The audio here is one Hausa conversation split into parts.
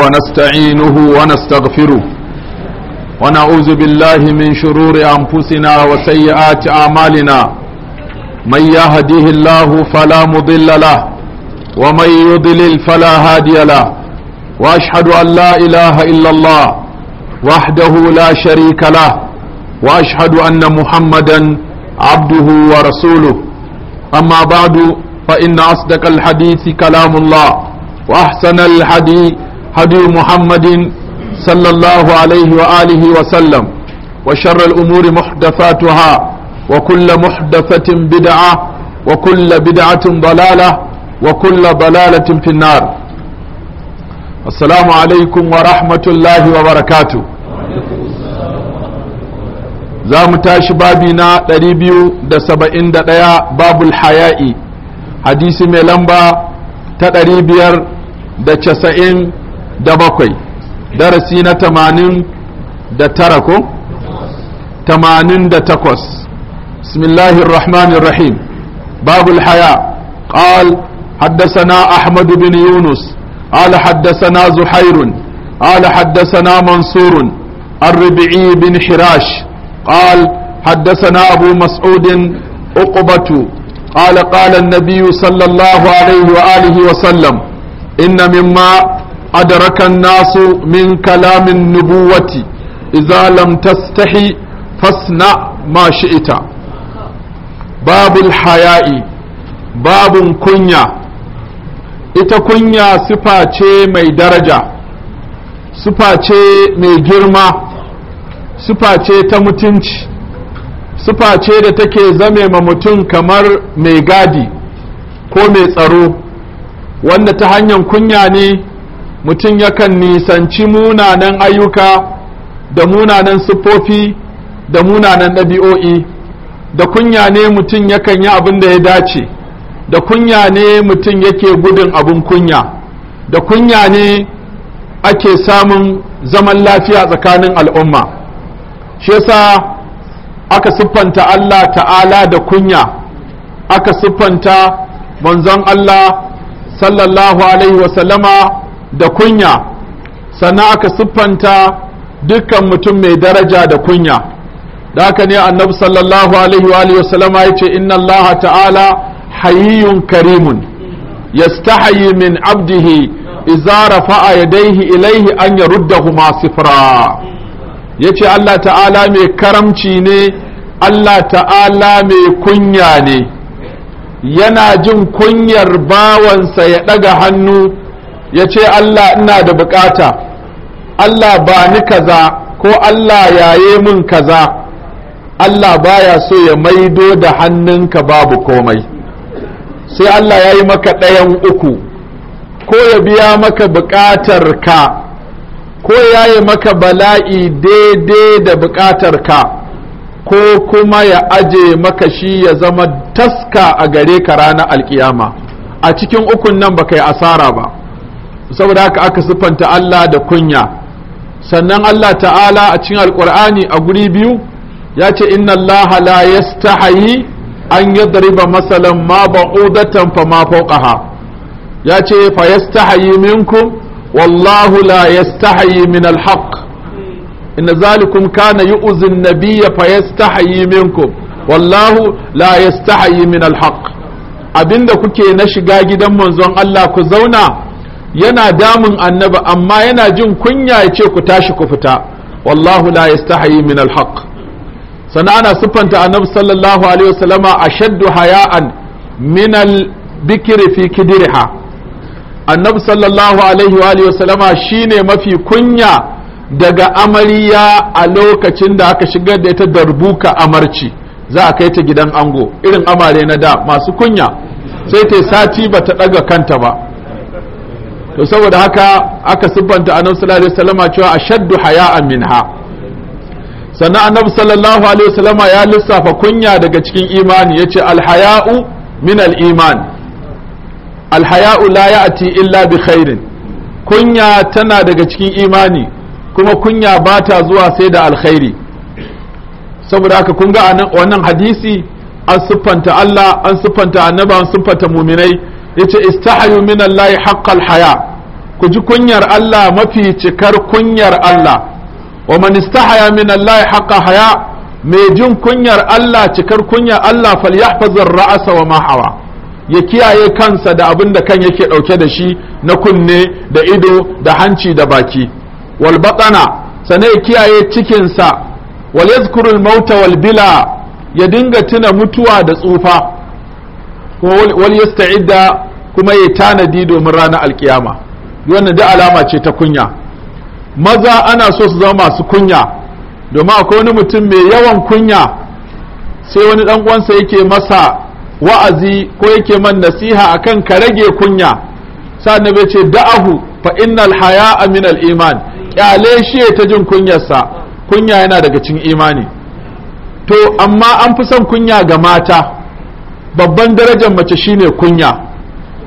ونستعينه ونستغفره ونعوذ بالله من شرور أنفسنا وسيئات أعمالنا من يهديه الله فلا مضل له ومن يضلل فلا هادي له وأشهد أن لا إله إلا الله وحده لا شريك له وأشهد أن محمدا عبده ورسوله أما بعد فإن أصدق الحديث كلام الله وأحسن الحديث هدي محمد صلى الله عليه وآله وسلم وشر الأمور محدثاتها وكل محدثة بدعة وكل بدعة ضلالة وكل ضلالة في النار السلام عليكم ورحمة الله وبركاته za mu tashi babi na 271 babul haya'i hadisi mai lamba ta 590 da bakwai darasi na tamanin da tara ko tamanin da takwas bismillahirrahmanirrahim babul haya قال حدثنا أحمد بن يونس قال حدثنا زحير قال حدثنا منصور الربعي بن حراش قال حدثنا أبو مسعود أقبة قال قال النبي صلى الله عليه وآله وسلم إن مما أدرك الناس من كلام النبوة إذا لم تستحي فاصنع ما شئت باب الحياء باب كنيا ita kunya sifa mai daraja sifa mai girma sifa ta mutunci sifa ce da take zame ma mutum kamar mai gadi ko mai tsaro wanda ta hanyar kunya ne mutum yakan nisanci munanan ayyuka da munanan siffofi da munanan ɗabi'o'i da kunya ne mutum yakan yi abin da ya dace da kunya ne mutum yake gudun abin kunya da kunya ne ake samun zaman lafiya tsakanin al'umma shi yasa aka siffanta Allah ta'ala da kunya aka siffanta manzon Allah sallallahu alaihi wasallama da kunya sannan aka siffanta dukkan mutum mai daraja da kunya da haka ne annabi sallallahu alaihi wa sallama ya ce inna allaha ta'ala hayyun karimun yastahayi min abdihi idza rafa'a yadayhi ilaihi an yaruddahuma sifra yace Allah ta'ala mai karamci ne Allah ta'ala mai kunya ne yana jin kunyar bawansa ya ɗaga hannu ya ce Allah ina da bukata Allah ba ni kaza ko Allah yaye mun kaza Allah baya so ya maido da hannunka babu komai sai Allah ya yi maka ɗayan uku ko ya biya maka buƙatar ka ko ya yi maka bala'i daidai da buƙatar ka ko kuma ya aje maka shi ya zama taska a gare ka ranar alkiyama a cikin ukun nan baka yi asara ba saboda haka aka siffanta Allah da kunya sannan Allah ta'ala a cikin alkur'ani a guri biyu ya ce inna Allah la yastahayi an yadriba masalan ma ba'udatan fa ma fawqaha ya ce fa yastahayi minkum wallahu la min alhaq inna zalikum kana yu'zi nabiyya fa yastahayi minkum wallahu la yastahayi min alhaq abinda kuke na shiga gidan manzon Allah ku zauna yana damun annaba amma yana jin kunya ya ce ku tashi ku fita wallahu la yastahi min alhaq sana ana siffanta annab sallallahu alaihi wasallama ashaddu haya'an min albikri fi kidriha annab sallallahu alaihi wa wasallama shine mafi kunya daga amarya a lokacin da aka shigar da ita darbuka amarci za a kai ta gidan ango irin amare na da masu kunya sai ta sati bata daga ɗaga kanta ba to saboda haka aka siffanta annabi sallallahu alaihi wasallama cewa ashaddu haya'an minha sannan annabi sallallahu alaihi wasallama ya lissafa kunya daga cikin imani yace alhaya'u min al'iman. alhaya'u la ya'ti illa bi khairin kunya tana daga cikin imani kuma kunya ba ta zuwa sai da alkhairi saboda haka kun ga wannan hadisi an siffanta Allah an siffanta annaba an siffanta muminai yace istahayu min Allah haqqal haya ku ji kunyar Allah mafi cikar kunyar Allah wa man istahaya min Allah haqa haya mai jin kunyar Allah cikar kunyar Allah falyahfazir ra'asa wa ma hawa ya kiyaye kansa da abin da kan yake dauke da shi na kunne da ido da hanci da baki wal batana sanai kiyaye cikinsa wal yazkuru mauta wal bila ya dinga tuna mutuwa da tsufa wal yasta'idda kuma ya tanadi domin ranar alkiyama wannan da alama ce ta kunya maza ana so su zama masu kunya domin akwai wani mutum mai yawan kunya sai wani dan uwansa yake masa wa'azi ko yake man nasiha akan ka rage kunya sa bai ce da'ahu fa innal haya'a min al iman kyale shi ta jin kunyarsa kunya yana daga cikin imani to amma an fi son kunya ga mata babban darajar mace shine kunya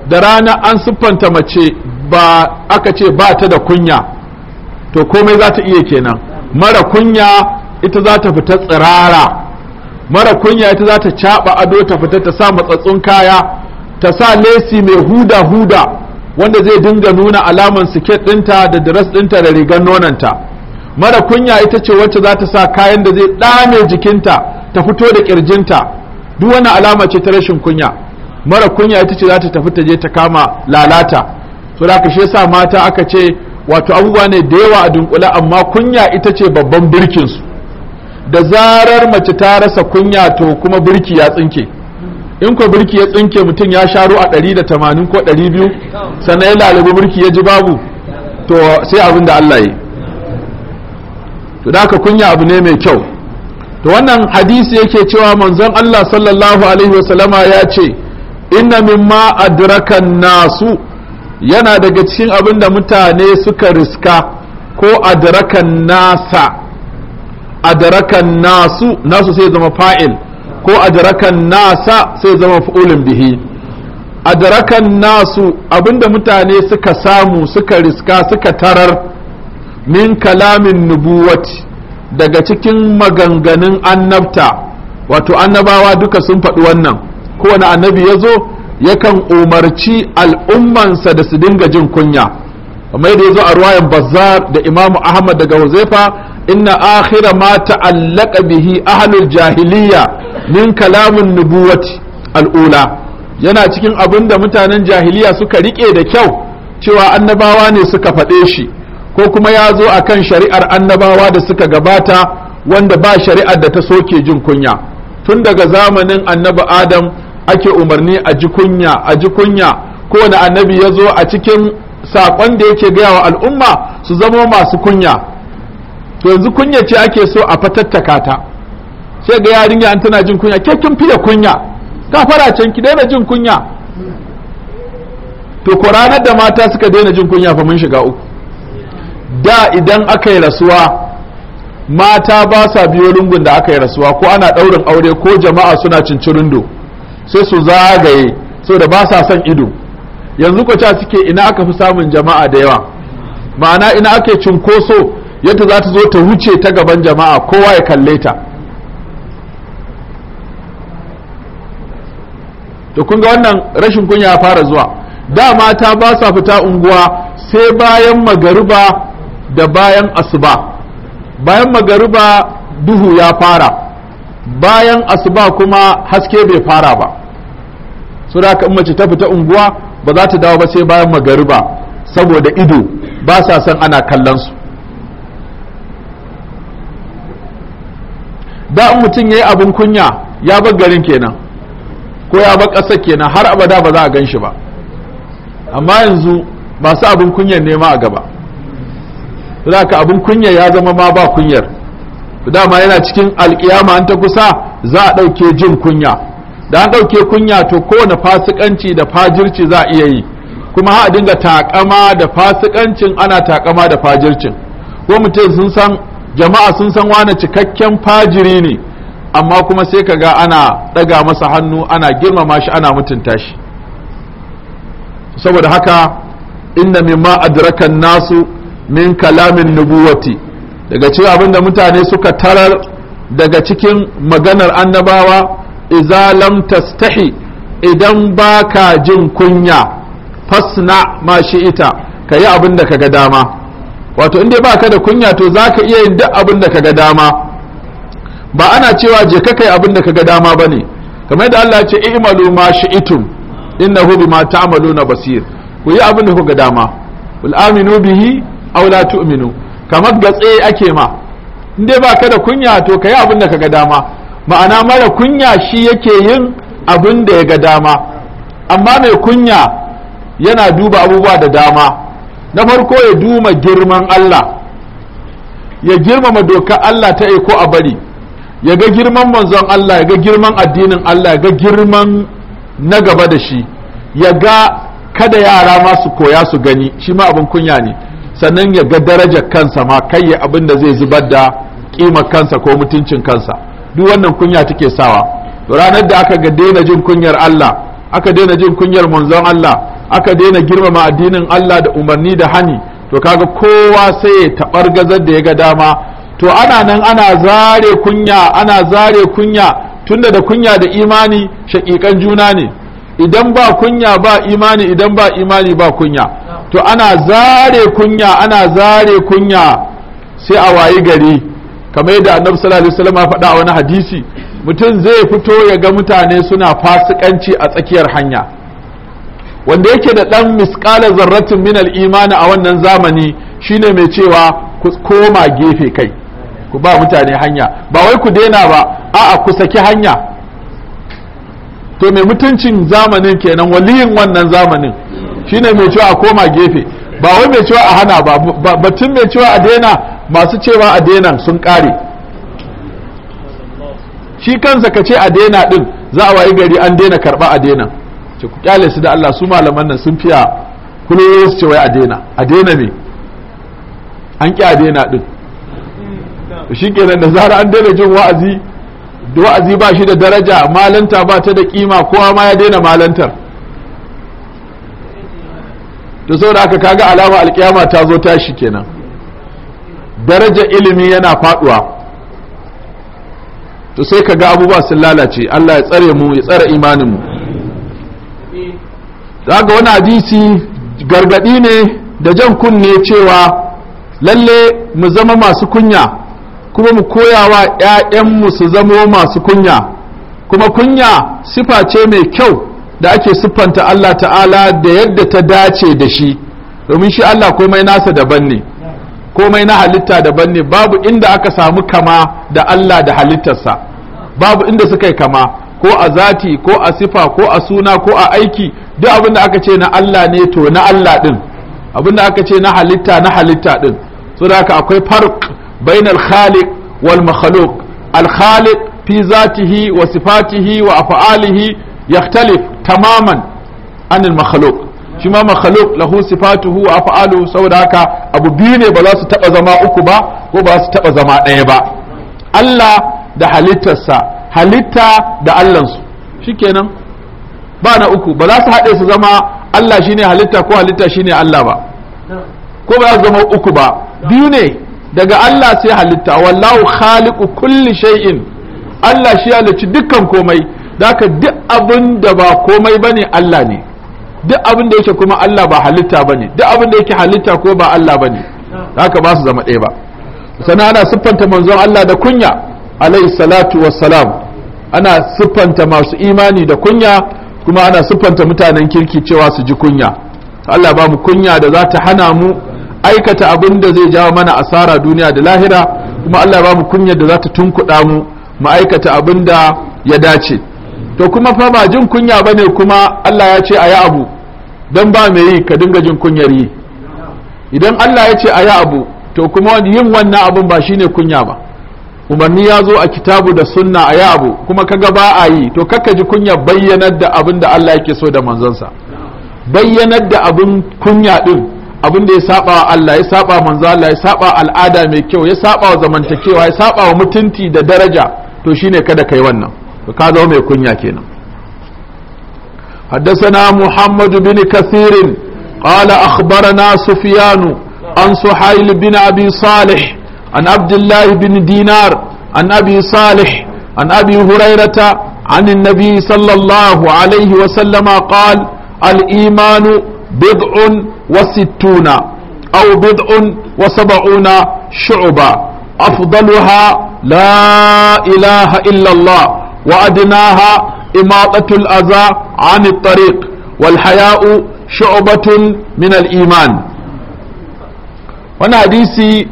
da rana an siffanta mace ba aka ce ba ta da kunya to komai za ta iya kenan mara kunya ita za ta fita tsirara mara kunya ita za ta caɓa ado ta fita ta sa matsatsun kaya ta sa lesi mai huda huda wanda zai dinga nuna alaman siket ɗinta da diras ɗinta da rigar nonanta mara kunya ita ce wacce za ta sa kayan da zai ɗame jikinta ta fito da ƙirjinta duk wani alama ce ta rashin kunya mara kunya ita ce za ta tafi ta je ta kama lalata to da shi yasa mata aka ce wato abubuwa ne da yawa a dunkule amma kunya ita ce babban birkin su da zarar mace ta rasa kunya to kuma birki ya tsinke in ko birki ya tsinke mutum ya sharo a 180 ko 200 sannan ya lalubi birki ya ji babu to sai abin da Allah yi to da kunya abu ne mai kyau to wannan hadisi yake cewa manzon Allah sallallahu alaihi wasallama ya ce inna mimma adrakan nasu yana daga cikin abin da mutane suka riska ko adrakan nasa adrakan nasu nasu sai zama fa'il ko adrakan nasa sai zama fa'ulin bihi adrakan nasu abinda mutane suka samu suka riska suka tarar min kalamin nubuwati daga cikin maganganun annabta wato annabawa duka sun faɗi wannan kowane annabi ya zo yakan umarci al'ummansa da su dinga jin kunya kamar da yazo a ruwayan bazzar da imamu ahmad daga huzaifa inna akhira ma ta'allaqa bihi ahlul jahiliya min kalamin nubuwati al'ula yana cikin abin da mutanen jahiliya suka rike da kyau cewa annabawa ne suka faɗe shi ko kuma ya zo a kan shari'ar annabawa da suka gabata wanda ba shari'ar da ta soke jin kunya tun daga zamanin annabi adam ake umarni a ji kunya a ji kunya kowane annabi ya zo a cikin saƙon da yake gaya wa al'umma su zama masu kunya to yanzu kunya ce ake so a fatattaka ta sai ga yarinya an tana jin kunya ke kin fiye kunya kafara can ki daina jin kunya to ko ranar da mata suka daina jin kunya fa mun shiga uku da idan aka yi rasuwa mata ba sa biyo lungun da aka yi rasuwa ko ana ɗaurin aure ko jama'a suna cincirindo sai su zagaye saboda ba sa son ido yanzu ko suke ina aka fi samun jama'a da yawa ma'ana ina ake cunkoso yadda za ta zo ta wuce ta gaban jama'a kowa ya kalle ta to kun ga wannan rashin kunya ya fara zuwa da mata ba sa fita unguwa sai bayan magariba da bayan asuba bayan magariba duhu ya fara bayan asuba kuma haske bai fara ba so da haka in mace ta fita unguwa ba za ta dawo ba sai bayan magariba saboda ido ba sa son ana kallon su da in mutum ya yi abin kunya ya bar garin kenan ko ya bar ƙasa kenan har abada ba za a gan shi ba amma yanzu ba su abin kunyar nema a gaba za ka abin kunya ya zama ma ba kunyar dama yana cikin alƙiyama an ta kusa za a ɗauke jin kunya da an ɗauke kunya to kowane fasikanci da fajirci za a iya yi kuma ha a dinga takama da fasikancin ana takama da fajircin ko mutum sun san jama'a sun san wane cikakken fajiri ne amma kuma sai ka ga ana ɗaga masa hannu ana girmama shi ana mutunta shi saboda haka inna mimma adrakan nasu min kalamin nubuwati daga cikin abinda mutane suka tarar daga cikin maganar annabawa idza lam tastahi idan baka jin kunya fasna ma shi ita kayi abin da kaga dama wato in dai baka da kunya to zaka iya yin duk abin da kaga dama ba ana cewa je ka kai abin da kaga dama bane kamar da Allah ya ce i'malu ma shi'tum innahu bima ta'maluna basir ku yi abin da kuka dama wal aminu bihi aw la tu'minu kamar gatse ake ma in dai baka da kunya to kayi abin da kaga dama ma'ana mara kunya shi yake yin abin da ya ga dama amma mai kunya yana duba abubuwa da dama na farko ya duma girman Allah ya girmama doka Allah ta ko a bari ya ga girman manzon Allah ya ga girman addinin Allah ya ga girman na gaba da shi ya ga kada yara ma su koya su gani shi ma abin kunya ne sannan ya ga darajar kansa ma kai abin da zai zubar da ƙimar kansa ko mutuncin kansa duk wannan kunya take sawa ranar da aka ga daina jin kunyar Allah aka daina jin kunyar manzon Allah aka daina girmama addinin Allah da umarni da hani to kaga kowa sai ya tabargazar da ya ga dama to ana nan ana zare kunya ana zare kunya tunda da kunya da imani shakikan juna ne idan ba kunya ba imani idan ba imani ba kunya to ana zare kunya ana zare kunya sai a wayi gari kamar yadda annabi sallallahu alaihi wasallam faɗa a wani hadisi mutum zai fito ya ga mutane suna fasikanci a tsakiyar hanya wanda yake da ɗan misƙala zarratin al imani a wannan zamani shine mai cewa ku koma gefe kai ku ba mutane hanya ba wai ku daina ba a'a ku saki hanya to mai mutuncin zamanin kenan waliyin wannan zamanin shine mai cewa a koma gefe ba wai mai cewa a hana ba batun mai cewa a daina masu cewa a daina sun kare shi kansa ka ce a daina din za a wayi gari an dena karba a dena ce ku kyale su da Allah su malaman nan sun fiya kullum su ce wai a dena a dena ne an ki a daina din shi kenan da zara an dena jin wa'azi da wa'azi ba shi da daraja malanta ba ta da kima kowa ma ya dena malantar to saboda haka kaga alama alkiyama ta zo tashi kenan daraja ilimi yana faduwa to sai ka ga abubuwa sun lalace Allah ya tsare mu ya tsare imanin mu daga wani hadisi gargadi ne da jan kunne cewa lalle mu zama masu kunya kuma mu koyawa mu su zama masu kunya kuma kunya sifa ce mai kyau da ake siffanta Allah ta'ala da yadda ta dace da shi domin shi Allah komai nasa daban ne komai na halitta daban ne babu inda aka samu kama da Allah da halittarsa babu inda suka yi kama ko a zati ko a sifa ko a suna ko a aiki duk abin da aka ce na Allah ne to na Allah din abin da aka ce na halitta na halitta din so da haka akwai farq bainal khaliq wal makhluq al khaliq fi zatihi wa sifatihi wa af'alihi yakhtalif tamaman anil makhluq shi ma makhluk lahu sifatuhu wa af'aluhu saboda haka abu biyu ne ba za su taba zama uku ba ko ba su taba zama ɗaya ba Allah da halittarsa halitta da su shikenan ba na uku ba za su haɗe su zama Allah shine halitta ko halitta shine Allah ba ko ba za su zama uku ba biyu ne daga Allah sai halitta wallahu khaliqu kulli shay'in Allah shi ya halicci dukkan komai da duk abin da ba komai bane Allah ne duk abin da yake kuma Allah ba halitta bane duk abin da yake halitta ko ba Allah bane haka ba su zama ɗaya ba sannan ana siffanta manzon Allah da kunya alayhi salatu wassalam ana siffanta masu imani da kunya kuma ana siffanta mutanen kirki cewa su ji kunya Allah ba mu kunya da za ta hana mu aikata abin da zai jawo mana asara duniya da lahira kuma Allah ba mu kunya da za ta tunkuɗa mu ma'aikata aikata abin da ya dace to kuma fa ba jin kunya bane kuma Allah ya ce ayi abu dan ba mai yi ka dinga jin kunyar yi idan Allah ya ce ayi abu to kuma yin wannan abun ba shine kunya ba umarni ya zo a kitabu da sunna ayi abu kuma kaga ba a yi to kaka ji kunya bayyanar da abin da Allah yake so da manzansa bayyanar da abin kunya din abin da ya saba wa Allah ya saba manzo Allah ya saba al'ada mai kyau ya saba wa zamantakewa ya saba wa mutunci da daraja to shine kada kai wannan to ka zama mai kunya kenan حدثنا محمد بن كثير قال أخبرنا سفيان عن سحيل بن أبي صالح عن عبد الله بن دينار عن أبي صالح عن أبي هريرة عن النبي صلى الله عليه وسلم قال الإيمان بضع وستون أو بضع وسبعون شعبة أفضلها لا إله إلا الله Wa'adinaha Imatsatul Aza Amid Tariq walhaya'u shubatun min al'iman. Wani hadisi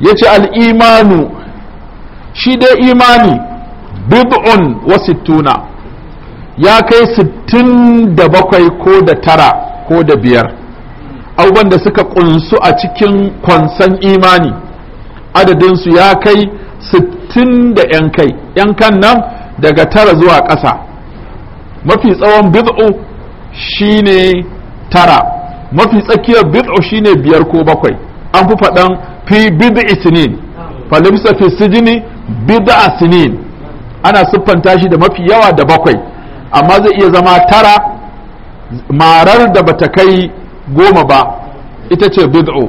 ya al al'imanu shi dai imani bid'un wasu tuna, ya kai sittin da bakwai ko da tara ko da biyar, au da suka kunsu a cikin kwansan imani, adadinsu ya kai sittin. sittin da yan kai yan kan nan daga tara zuwa ƙasa mafi tsawon bid'u shine tara mafi tsakiyar bid'u shine biyar ko bakwai an fi faɗan fi bid'i sinin falimsa fi sijini bid'a sinin ana siffanta shi da mafi yawa da bakwai amma zai iya zama tara marar da bata kai goma ba ita ce bid'u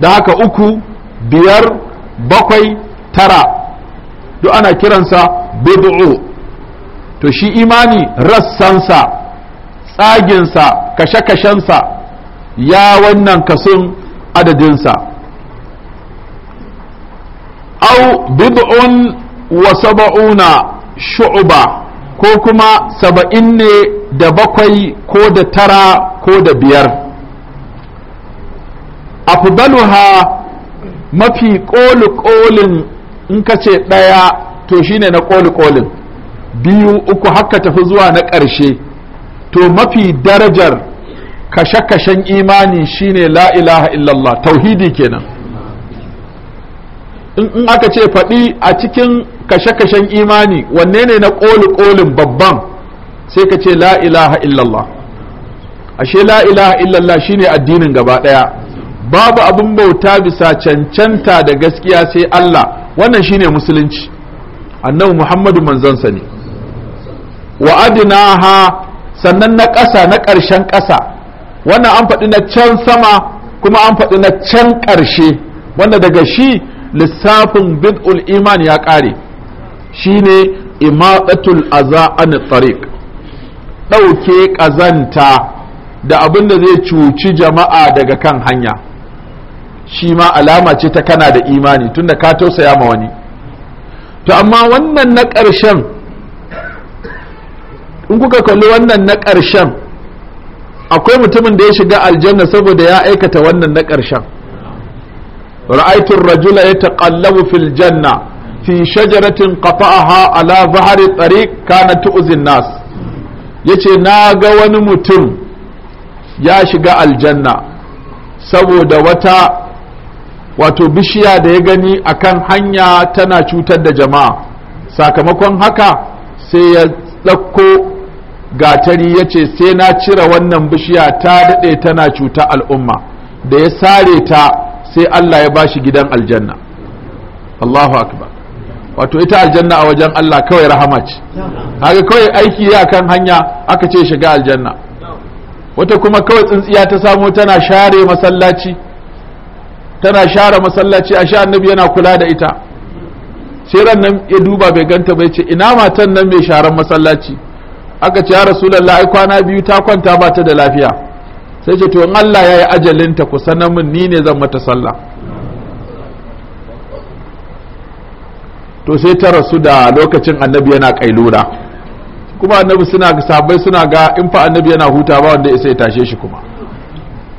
da haka uku biyar bakwai tara duk ana kiransa bid'u to shi imani rassansa tsaginsa kashe-kashensa ya wannan kasun adadinsa au bid'un wa saba'una shu'uba ko kuma saba'in ne da bakwai ko da tara ko da biyar afdaluha mafi ƙoli-ƙolin in ka ce ɗaya to shine na ƙoli ƙolin biyu uku haka tafi zuwa na ƙarshe to mafi darajar kashe-kashen imani shine la ilaha illallah tauhidi kenan in aka ce faɗi a cikin kashe-kashen imani wanne ne na ƙoli ƙolin babban sai ka ce la ilaha illallah ashe la ilaha illallah shine addinin gaba ɗaya babu abin bauta bisa cancanta da gaskiya sai Allah wannan shine musulunci annabi Muhammadu manzansa ne wa adnaha sannan na ƙasa na ƙarshen ƙasa wannan an faɗi na can sama kuma an faɗi na can ƙarshe wanda daga shi lissafin bid'ul iman ya ƙare shine imatatul aza an tariq ɗauke ƙazanta da abin da zai cuci jama'a daga kan hanya shi ma alama ce ta kana da imani tunda ka tausaya ma wani to amma wannan na ƙarshen in kuka kalli wannan na ƙarshen akwai mutumin da ya shiga aljanna saboda ya aikata wannan na ƙarshen ra'aitun rajula ya taƙallabu fil janna fi shajaratin qata'aha ala zahari tariq kana tu'uzin nas yace na ga wani mutum ya shiga aljanna saboda wata wato bishiya da ya gani akan hanya tana cutar da jama'a sakamakon haka sai ya ɗauko gatari ya ce sai na cire wannan bishiya ta daɗe tana cuta al'umma da ya sare ta sai Allah ya bashi gidan aljanna Allahu akbar wato ita aljanna a wajen Allah kawai rahama ce haka kawai aiki ya kan hanya aka ce shiga aljanna wata kuma kawai tsintsiya ta samo tana share masallaci tana share masallaci a sha annabi yana kula da ita sai ran nan ya duba bai ganta bai ce ina matan nan mai sharan masallaci aka ce ya rasulullah ai kwana biyu ta kwanta ba ta da lafiya sai ce to in Allah ya yi ajalinta ku sanar min ni ne zan mata sallah to sai ta rasu da lokacin annabi yana kailura kuma annabi suna ga sabai suna ga in fa annabi yana huta ba wanda ya tashe shi kuma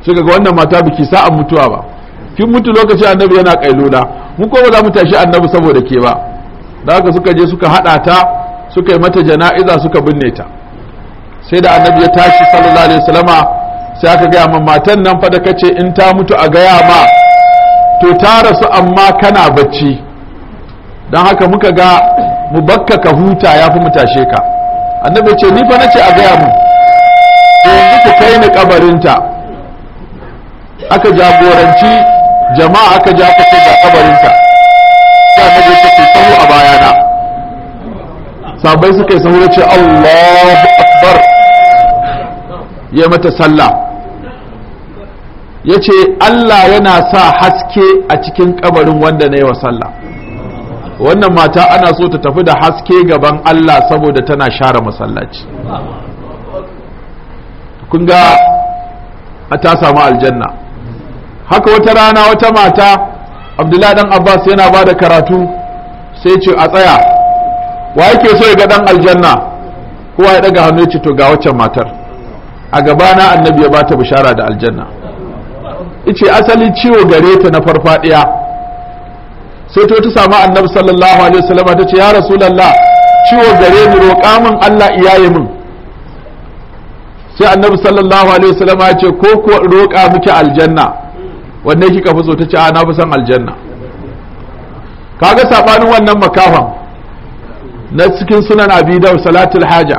suka ga wannan mata biki sa'an mutuwa ba kin mutu lokacin annabi yana kailula mu ko ba za mu tashi annabi saboda ke ba da haka suka je suka hada ta suka yi mata jana'iza suka binne ta sai da annabi ya tashi sallallahu alaihi wasallama sai aka gaya amma matan nan fa da kace in ta mutu a gaya ma to ta rasu amma kana bacci dan haka muka ga mu bakka ka huta ya fi mu tashe ka annabi ce ni fa nace a gaya mu to yanzu ku kai ni kabarinta aka jagoranci jama'a aka ja ka ce ga kabarinsa ya aka je ce sahu a bayana sabai suka yi sahu da ce Allahu akbar ya mata sallah ya ce Allah yana sa haske a cikin kabarin wanda na yi wa sallah wannan mata ana so ta tafi da haske gaban Allah saboda tana share masallaci kun ga ta samu aljanna haka wata rana wata mata abdullahi dan abbas yana ba da karatu sai ce a tsaya wa yake so ya ga dan aljanna kowa ya daga hannu ce to ga waccan matar a gabana annabi ya bata bishara da aljanna ice asali ciwo gare ta na farfadiya sai to ta samu annabi sallallahu alaihi wasallam ta ce ya rasulullah ciwo gare ni roƙa min Allah iyaye min sai annabi sallallahu alaihi wasallam ya ce ko ko roƙa miki aljanna wanne kika fi so ta ce a ah, na fi son aljanna kaga sabanin wannan makafan na cikin sunan abi da salatul haja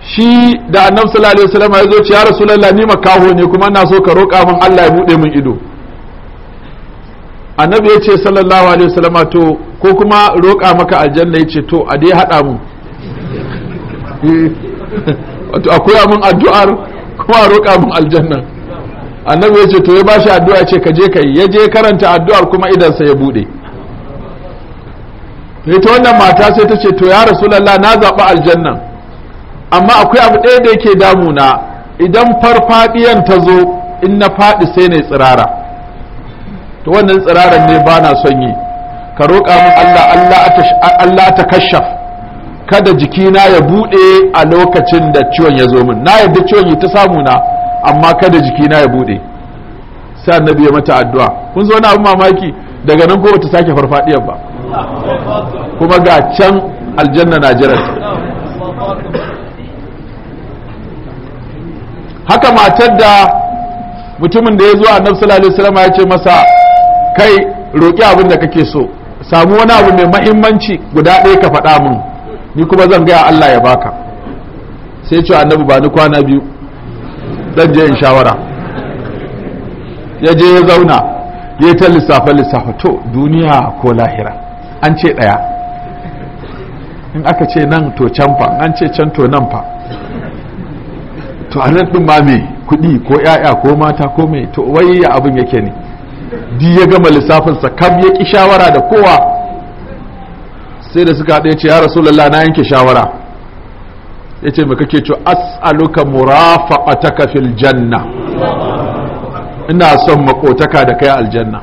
shi da annabi sallallahu alaihi wasallam ya zo ce ya rasulullahi ni makaho ne kuma ina so ka roƙa min Allah ya bude min ido annabi ya ce sallallahu alaihi wasallam to ko kuma roƙa maka aljanna ya ce to a dai hada mu wato akwai mun addu'ar kuma roƙa mun aljanna annabi ya ce to ya bashi addu'a ce ka je ka ya je karanta addu'ar kuma idansa ya bude ita wannan mata sai ta ce to ya rasulullah na zaɓi aljanna. amma akwai abu ɗaya da yake damu na idan farfaɗiyan ta zo in na faɗi sai na tsirara to wannan tsiraran ne ba na son yi ka roƙa min Allah Allah ta kashaf kada jikina ya buɗe a lokacin da ciwon ya zo min na yadda ciwon yi ta samu na amma kada jiki na ya bude sai annabi ya mata addu'a kun zo wani abin mamaki daga nan ko ta sake farfadiyar ba kuma ga can aljanna na jiranta haka matar da mutumin da ya zo annabi sallallahu alaihi wasallam ya ce masa kai roki abin da kake so samu wani abu mai mahimmanci guda ɗaya ka faɗa min ni kuma zan gaya Allah ya baka sai ce annabi ba ni kwana biyu dan je in shawara ya je ya zauna ya ta lissafa lissafa to duniya ko lahira an ce ɗaya in aka ce nan to can fa an ce can to nan fa to a nan ɗin ma me kuɗi ko 'ya'ya ko mata ko me to wai ya abin yake ne di ya gama lissafinsa kam ya ƙi shawara da kowa sai da suka haɗe ce ya rasulallah na yanke shawara ya ce maka ke co as'aluka murafaqataka fil janna ina son makotaka da kai aljanna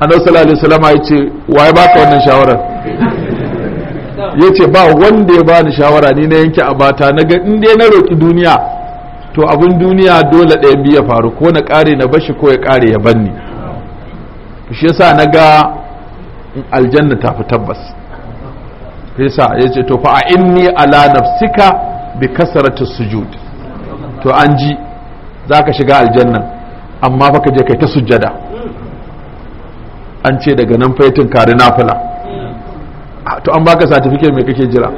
annabi sallallahu alaihi wasallam ya ce waye baka wannan shawarar? ya ce ba wanda ya bani shawara ni na yanke abata na ga inda ya na roki duniya to abin duniya dole ɗaya biyu ya faru ko na ƙare na bashi ko ya ƙare ya banni shi yasa na ga aljanna ta fi tabbas fisa ya ce to fa a inni ala nafsika bi kasarati sujud to an ji za ka shiga aljannan amma fa ka je kai ta sujjada an ce daga nan faitin kare nafila to an baka certificate mai kake jira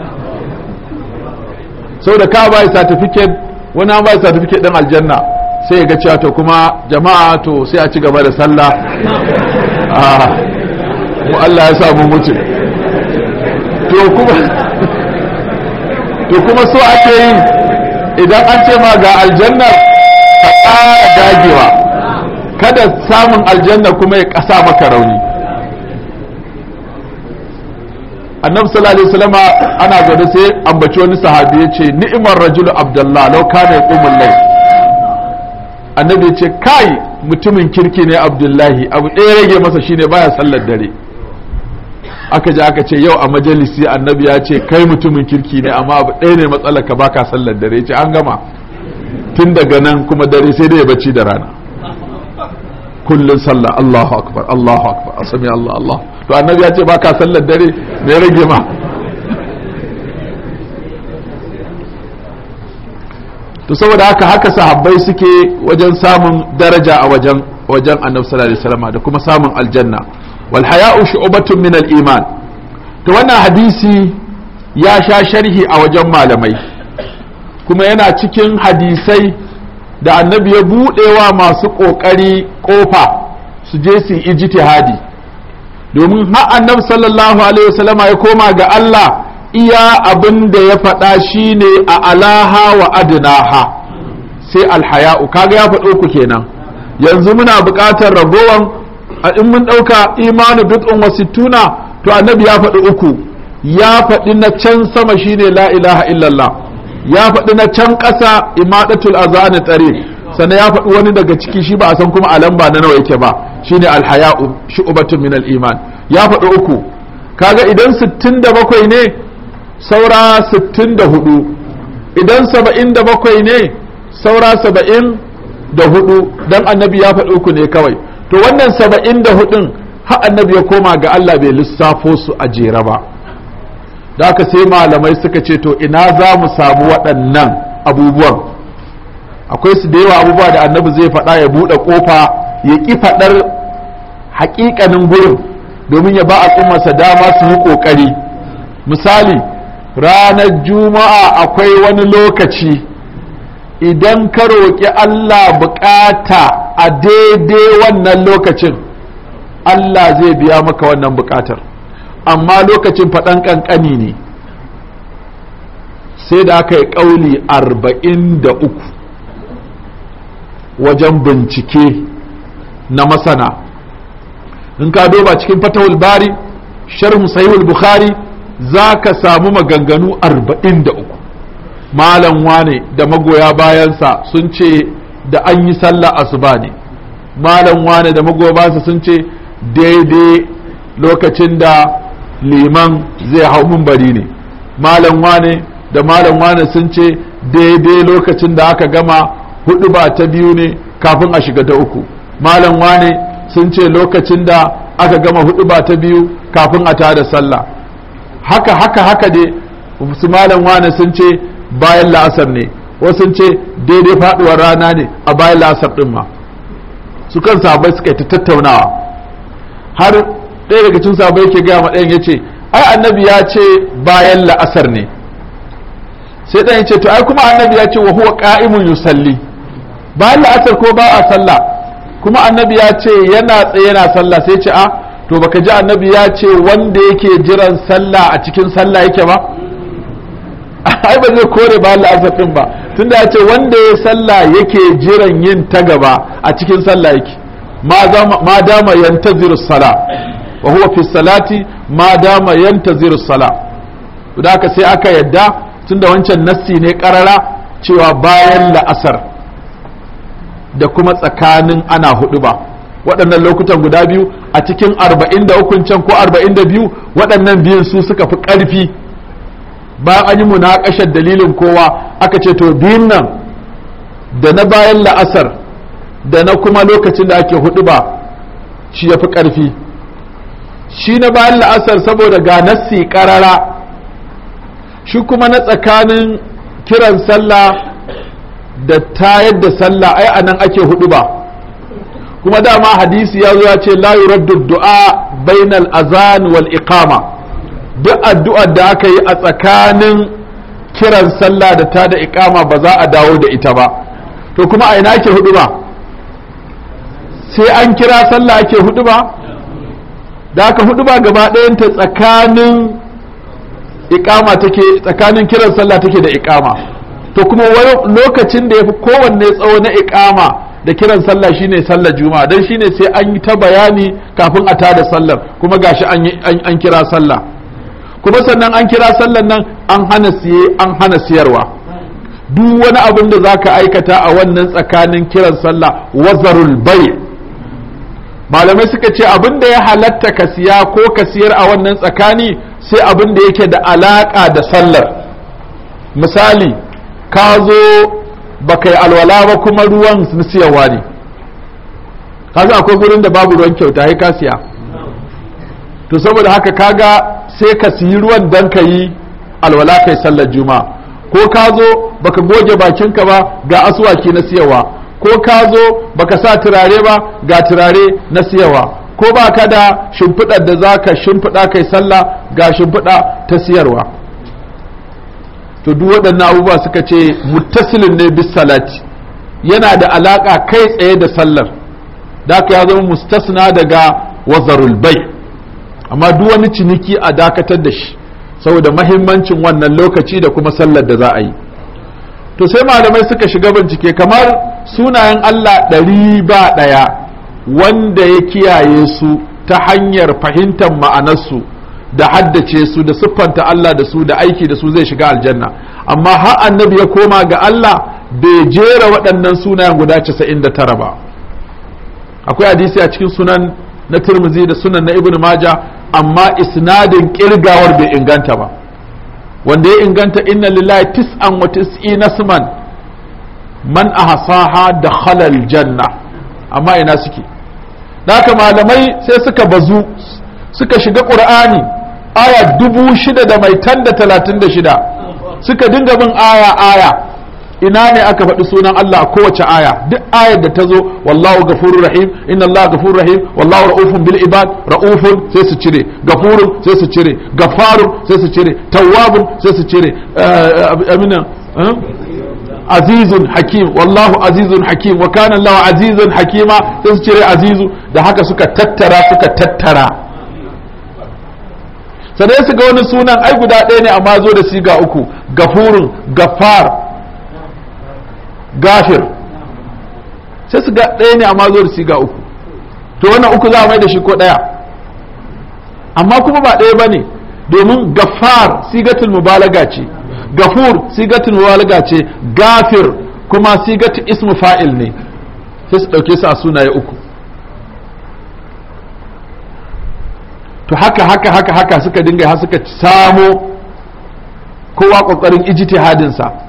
Sau da ka bai certificate wani an bai certificate din aljanna sai ya ga cewa to kuma jama'a to sai a ci gaba da sallah ah, mu Allah ya sa mu mutu to kuma so ake yi idan an ce ma ga aljannar ka ƙara dagewa kada samun aljanna kuma ya ƙasa maka rauni annabi sallallahu alaihi wasallam ana gwada sai ambaci wani sahabi ya ce ni'imar rajul abdullah law kana yaqumul layl annabi ya ce kai mutumin kirki ne abdullahi abu ɗaya rage masa shine baya sallar dare aka je aka ce yau a majalisi annabi ya ce kai mutumin kirki ne amma abu ɗaya ne matsalar ka baka sallar dare ce an gama tun daga nan kuma dare sai dai ya bacci da rana kullun sallah Allahu akbar Allahu akbar asami Allah Allah to annabi ya ce baka sallar dare me rage ma to saboda haka haka sahabbai suke wajen samun daraja a wajen wajen annabi sallallahu alaihi wasallam da kuma samun aljanna wal haya'u shu'batun min al iman to wannan hadisi ya sha sharhi a wajen malamai kuma yana cikin hadisai da annabi ya buɗewa masu ƙoƙari ƙofa su je su yi ijtihadi domin har annabi sallallahu alaihi wasallama ya koma ga Allah iya abin da ya faɗa shine a alaha wa adnaha sai alhaya'u kaga ya faɗo ku kenan yanzu muna buƙatar ragowan a in mun ɗauka imanu bid'un wa sittuna to annabi ya faɗi uku ya faɗi na can sama shine la ilaha illallah ya faɗi na can ƙasa imadatul azani tare, sannan ya faɗi wani daga ciki shi ba a san kuma a lamba na nawa yake ba shine alhaya'u shu'batun min iman ya faɗi uku kaga idan 67 ne saura 64 idan 77 ne saura 74 dan annabi ya faɗi uku ne kawai to wannan saba'in da hudun annabi ya koma ga Allah bai lissafo su a jere ba da haka sai malamai suka ce to ina za mu samu waɗannan abubuwan akwai su da yawa abubuwa da annabi zai faɗa ya buɗe ƙofa ya ƙi faɗar haƙiƙanin gurin domin ya ba a al'ummarsa dama su yi ƙoƙari misali ranar juma'a akwai wani lokaci idan ka roƙi Allah buƙata a daidai wannan lokacin Allah zai biya maka wannan bukatar amma lokacin faɗan ƙanƙani ne sai da aka yi ƙauli arba'in da uku wajen bincike na masana in ka duba cikin Fatawul bari sharhu sahihul bukhari za ka samu maganganu arba'in da uku malam wane da magoya bayansa sun ce da an yi sallah asuba ne malam wane da magobansa sun ce daidai lokacin da liman zai hau bari ne malam wane da malam wane sun ce daidai lokacin da aka gama hudu ba ta biyu ne kafin a shiga ta uku malam wane sun ce lokacin da aka gama hudu ba ta biyu kafin a tada sallah haka haka haka dai su malam wane sun ce bayan la'asar ne wasu ce daidai faduwar rana ne a bayan lasar ɗin ma su kan sabai suka ta tattaunawa har ɗaya daga cikin sabai yake gaya ma ɗayan yace ai annabi ya ce bayan la'asar ne sai ɗayan ce to ai kuma annabi ya ce wa huwa qa'imun yusalli bayan la'asar ko ba a sallah kuma annabi ya ce yana tsaye yana sallah sai ce a ah, to baka ji annabi ya ce wanda yake jiran sallah a cikin sallah yake ba ai ba zai kore ba la'asafin ba tunda ya ce wanda ya sallah yake jiran yin ta gaba a cikin sallah yake ma dama yantaziru sala wa huwa fi salati ma dama yantaziru sala da haka sai aka yadda tunda wancan nassi ne karara cewa bayan la'asar da kuma tsakanin ana hudu ba waɗannan lokutan guda biyu a cikin arba'in can ko arba'in da waɗannan biyun su suka fi ƙarfi ba an yi munakashar dalilin kowa aka ce to biyun nan da na bayan la'asar da na kuma lokacin da ake hudu ba shi ya fi ƙarfi shi na bayan la'asar saboda ga nassi ƙarara shi kuma na tsakanin kiran sallah da tayar da sallah ai anan ake hudu ba kuma dama hadisi ya zo ya ce la yuraddu du'a bainal azan wal iqama duk addu'ar da aka yi a tsakanin kiran sallah da ta da ikama ba za a dawo da ita ba to kuma a ina ake huduma sai an kira sallah ake huduma da aka huduma gaba ɗayanta tsakanin ikama take tsakanin kiran sallah take da ikama to kuma lokacin da ya fi kowanne tsawo na ikama da kiran sallah shine sallar juma'a dan shine sai an yi ta bayani kafin a tada sallar kuma gashi an kira sallah kuma sannan an kira sallan nan an hana siye an hana siyarwa duk wani abin da zaka aikata a wannan tsakanin kiran sallah wazarul bai malamai suka ce abin da ya halatta ka siya ko ka siyar a wannan tsakani sai abin da yake da alaka da sallar misali ka zo baka yi alwala ba kuma ruwan siyarwa ne kaza akwai gurin da babu ruwan kyauta sai ka siya to saboda haka kaga sai ka siyi ruwan dan ka yi alwala kai sallar juma'a ko ka zo baka goge bakinka ba ga asuwaki na siyarwa ko ka zo baka sa turare ba ga turare na siyarwa ko ba ka da shimfiɗar da za ka shimfiɗa kai sallah ga shimfiɗa ta siyarwa to duk waɗannan abubuwa suka ce muttasilin ne bis salati yana da alaƙa kai tsaye da sallar da ka ya zama mustasna daga wazarul bai' amma duk wani ciniki a dakatar da shi saboda mahimmancin wannan lokaci da kuma sallar da za a yi to sai malamai suka shiga bincike kamar sunayen Allah ɗari ba ɗaya wanda ya kiyaye su ta hanyar fahimtar ma'anarsu da haddace su da siffanta Allah da su da aiki da su zai shiga aljanna amma har annabi ya koma ga Allah bai jera waɗannan sunayen guda casa'in da tara ba akwai hadisi a cikin sunan na turmuzi da sunan na Ibn maja. amma isnadin kirgawar bai inganta ba wanda ya inganta inna lillahi tis'an wa tis'ina suman man ahsaha da khalal janna amma ina suke Naka malamai sai suka bazu suka shiga qur'ani aya dubu shida da mai tan talatin da shida suka dinga bin aya aya ina ne aka faɗi sunan Allah a kowace aya duk ayar da ta zo wallahu gafurur rahim inna Allah gafurur rahim wallahu ra'ufun bil ibad ra'ufun sai su cire gafurun sai su cire gafarun sai su cire tawwabun sai su cire eh, amina eh? azizun hakim wallahu azizun hakim wa kana Allah azizun hakima sai su cire azizu da haka suka tattara suka tattara sannan su ga wani sunan ai guda ɗaya ne amma zo da siga uku gafurun gafar gafir sai su ga ɗaya ne amma zo da siga uku to wannan uku za a mai da shi ko ɗaya amma kuma ba ɗaya ba ne domin gafar sigatul mubalaga ce gafur sigatul mubalaga ce gafir kuma sigatul ismu fa'il ne sai su ɗauke su a sunaye uku to haka haka haka haka suka dinga ha suka samo kowa ƙoƙarin ijitihadinsa hadinsa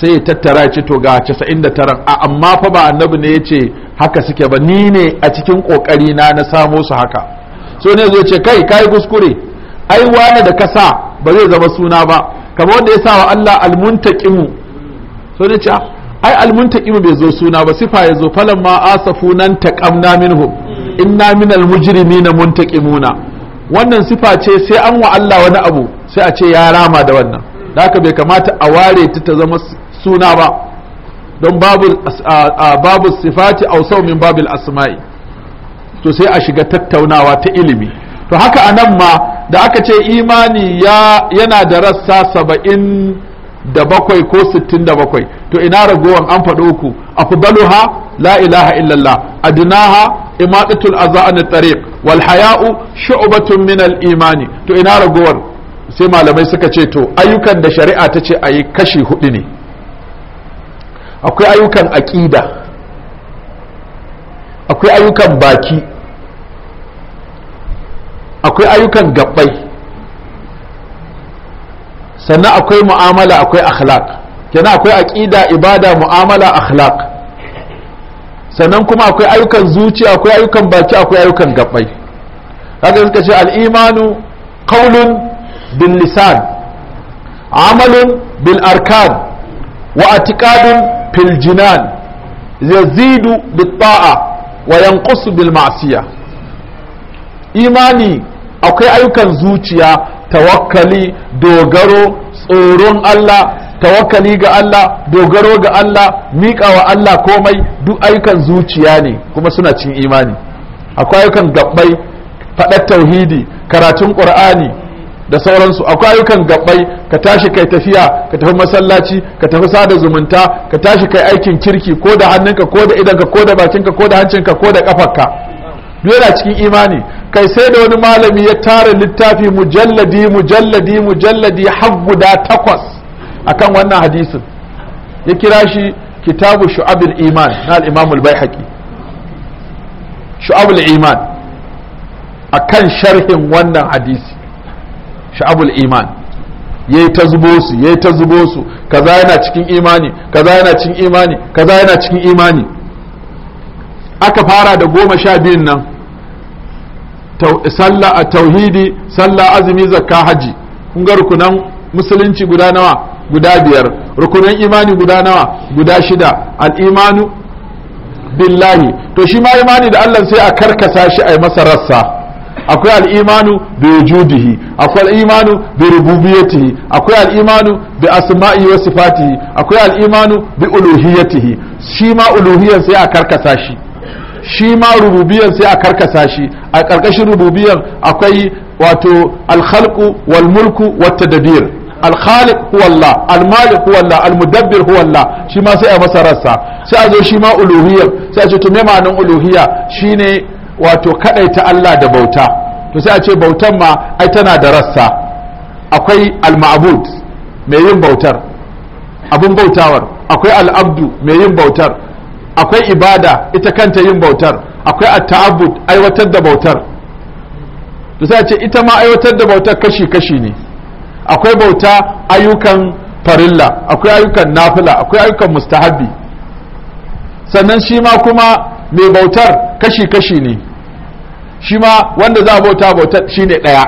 sai ya tattara ya ce to ga 99 a amma fa ba annabi ne ya ce haka suke ba ni ne a cikin kokari na na samo su haka so ne zai ce kai kai kuskure ai wani da kasa ba zai zama suna ba kamar wanda ya sa wa Allah almuntaqimu so ne ce ah, ai almuntaqimu bai zo suna ba sifa ya zo falan ma asafunan taqamna minhum inna minal mujrimina muntaqimuna wannan sifa ce sai an wa Allah wani abu sai a ce ya rama da wannan da haka bai kamata a ware ta ta zama suna ba don babu sifati ausau min babil asma'i to sai a shiga tattaunawa ta ilimi to haka a nan ma da aka ce imani ya yana da rassa saba'in da bakwai ko sittin da bakwai to ina ragowar an faɗi uku afdaluha la ilaha illallah adinaha imaɗatul aza an tariq wal min imani to ina ragowar sai malamai suka ce to ayyukan da shari'a ta ce ayi kashi hudu ne akwai ayyukan aƙida akwai ayyukan baki akwai ayyukan gabbai sannan akwai mu'amala akwai akhlaq kenan akwai aqida ibada mu'amala akhlaq sannan kuma akwai ayyukan zuciya akwai ayyukan baki akwai ayyukan gabbai kaga suka ce al-imanu qawlun bil lisan amalun bil arkan wa atiqadun Filjinan. yazidu bit ta'a wa yanqusu imani akwai ayukan zuciya tawakali, dogaro tsoron Allah tawakkali ga Allah dogaro ga Allah miƙa wa Allah komai duk ayyukan zuciya ne kuma suna cin imani akwai ayyukan gabbai faɗar tauhidi karatun ƙur'ani da sauransu akwai ayyukan gabbai ka tashi kai tafiya ka tafi masallaci ka tafi sada zumunta ka tashi kai aikin kirki ko da hannunka ko da idanka ko da bakinka ko da hancinka ko da kafarka duk yana cikin imani kai sai da wani malami ya tara littafi mujalladi mujalladi mujalladi har guda takwas akan wannan hadisin ya kira shi kitabu shu'abul iman na al-imam al-baihaqi shu'abul iman akan sharhin wannan hadisi sha'abul iman yayi ta zubo su yayi ta zubo su kaza yana cikin imani kaza yana cikin imani kaza yana cikin imani aka fara da goma sha biyun nan sallah a tauhidi sallah azumi zakka haji kun ga rukunan musulunci guda nawa guda biyar rukunan imani guda nawa guda shida al'imanu billahi to shi ma imani da Allah sai a karkasa shi a yi masa rassa akwai al'imanu bi wujudihi akwai al'imanu bi rububiyatihi akwai al'imanu bi asma'i wa sifatihi akwai al'imanu bi uluhiyatihi shi ma uluhiyan sai a karkasa shi shi ma rububiyan sai a karkasa shi a karkashin rububiyan akwai wato alkhalqu wal mulku wat tadbir alkhaliq huwa Allah almalik huwa Allah almudabbir huwa Allah shi ma sai a masa rassa sai a zo shi ma uluhiyan sai a ce to me ma'anin uluhiya shine wato ta Allah da bauta to sai a ce bautan ma ai tana da rassa akwai al-ma'bud mai yin bautar abun bautawar akwai al-abdu mai yin bautar akwai ibada ita kanta yin bautar akwai at-ta'abbud aiwatar da bautar to sai a ce ita ma aiwatar da bautar kashi kashi ne akwai bauta ayyukan farilla akwai ayyukan nafila akwai ayyukan mustahabbi sannan shi ma kuma mai bautar kashi-kashi ne shi ma wanda za a bauta bauta ne ɗaya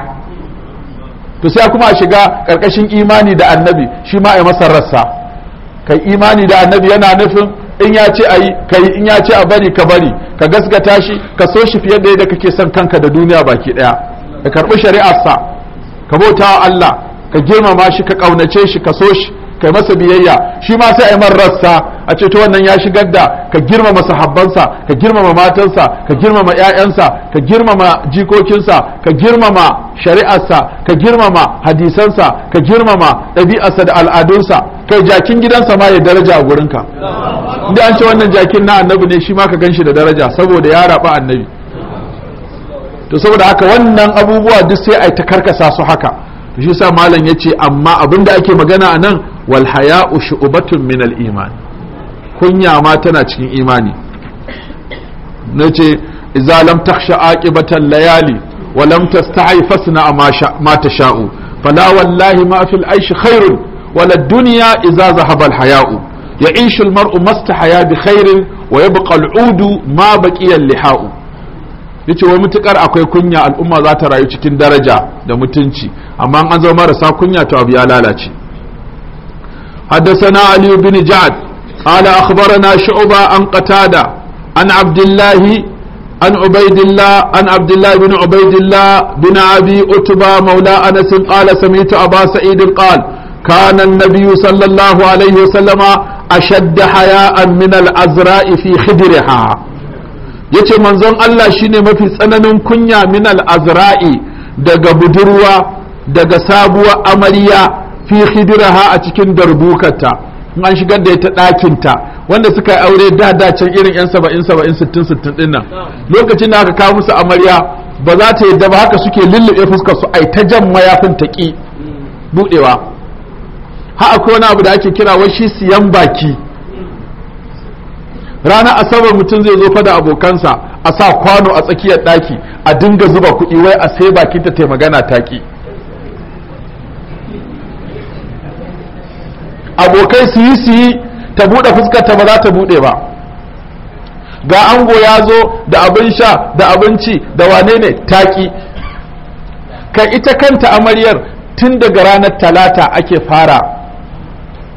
to sai kuma a shiga ƙarƙashin imani da annabi shi ma a masa rassa kai imani da annabi yana nufin in ya ce a yi kai in ya ce a bari ka bari ka gaskata shi ka so shi fiye da yadda kake son kanka da duniya baki ɗaya ka karɓi shari'arsa ka bauta wa Allah ka girmama shi ka ƙaunace shi ka so shi kai masa biyayya shi ma sai a man rassa a ce ta wannan ya shigar da ka girmama sahabbansa ka girmama matansa ka girmama 'ya'yansa ka girmama jikokinsa ka girmama shari'arsa ka girmama hadisansa ka girmama ɗabi'arsa da al'adunsa kai jakin gidansa ma ya daraja a gurinka inda an ce wannan jakin na annabi ne shi ma ka ganshi da daraja saboda ya raba annabi to saboda haka wannan abubuwa duk sai a ta karkasa su haka to shi sa malam ya ce amma abinda ake magana a nan Walhaya'u haya'u shu'batun min al iman kunya ma tana cikin imani nace idza lam takhsha aqibatan layali wa lam tasta'i fasna ma tasha'u fala wallahi ma fil aish khairun wala dunya idza zahaba al haya'u يعيش المرء ما استحيا بخير ويبقى العود ما بقي اللحاء yace wa mutukar akwai kunya al'umma za ta rayu cikin daraja da mutunci amma an zama marasa kunya to abu ya lalace حدثنا علي بن جعد قال أخبرنا شعبة عن قتادة عن عبد الله عن عبيد الله عن عبد الله بن عبيد الله بن أبي أتبى مولى أنس قال سمعت أبا سعيد قال كان النبي صلى الله عليه وسلم أشد حياء من الأزراء في خدرها yace manzon Allah shine mafi tsananin kunya min al-azra'i daga budurwa daga sabuwar amarya fi khidiraha a cikin darbukarta in an shigar da ita ɗakinta wanda suka yi aure da da can irin yan saba'in saba'in sittin sittin din nan lokacin da aka kawo musu amarya ba za ta yadda ba haka suke lullube fuskar su ai ta jan mayafin ta ki budewa ha akwai wani abu da ake kira washi siyan baki ranar asabar mutum zai zo fada abokansa a sa kwano a tsakiyar ɗaki a dinga zuba kuɗi wai a sai bakinta ta magana ta ki abokai su yi su yi ta buɗe fuskar ta ba za ta buɗe ba ga ango ya zo da abin sha da abinci da wane ne taƙi Ka ita kanta amaryar tun daga ranar talata ake fara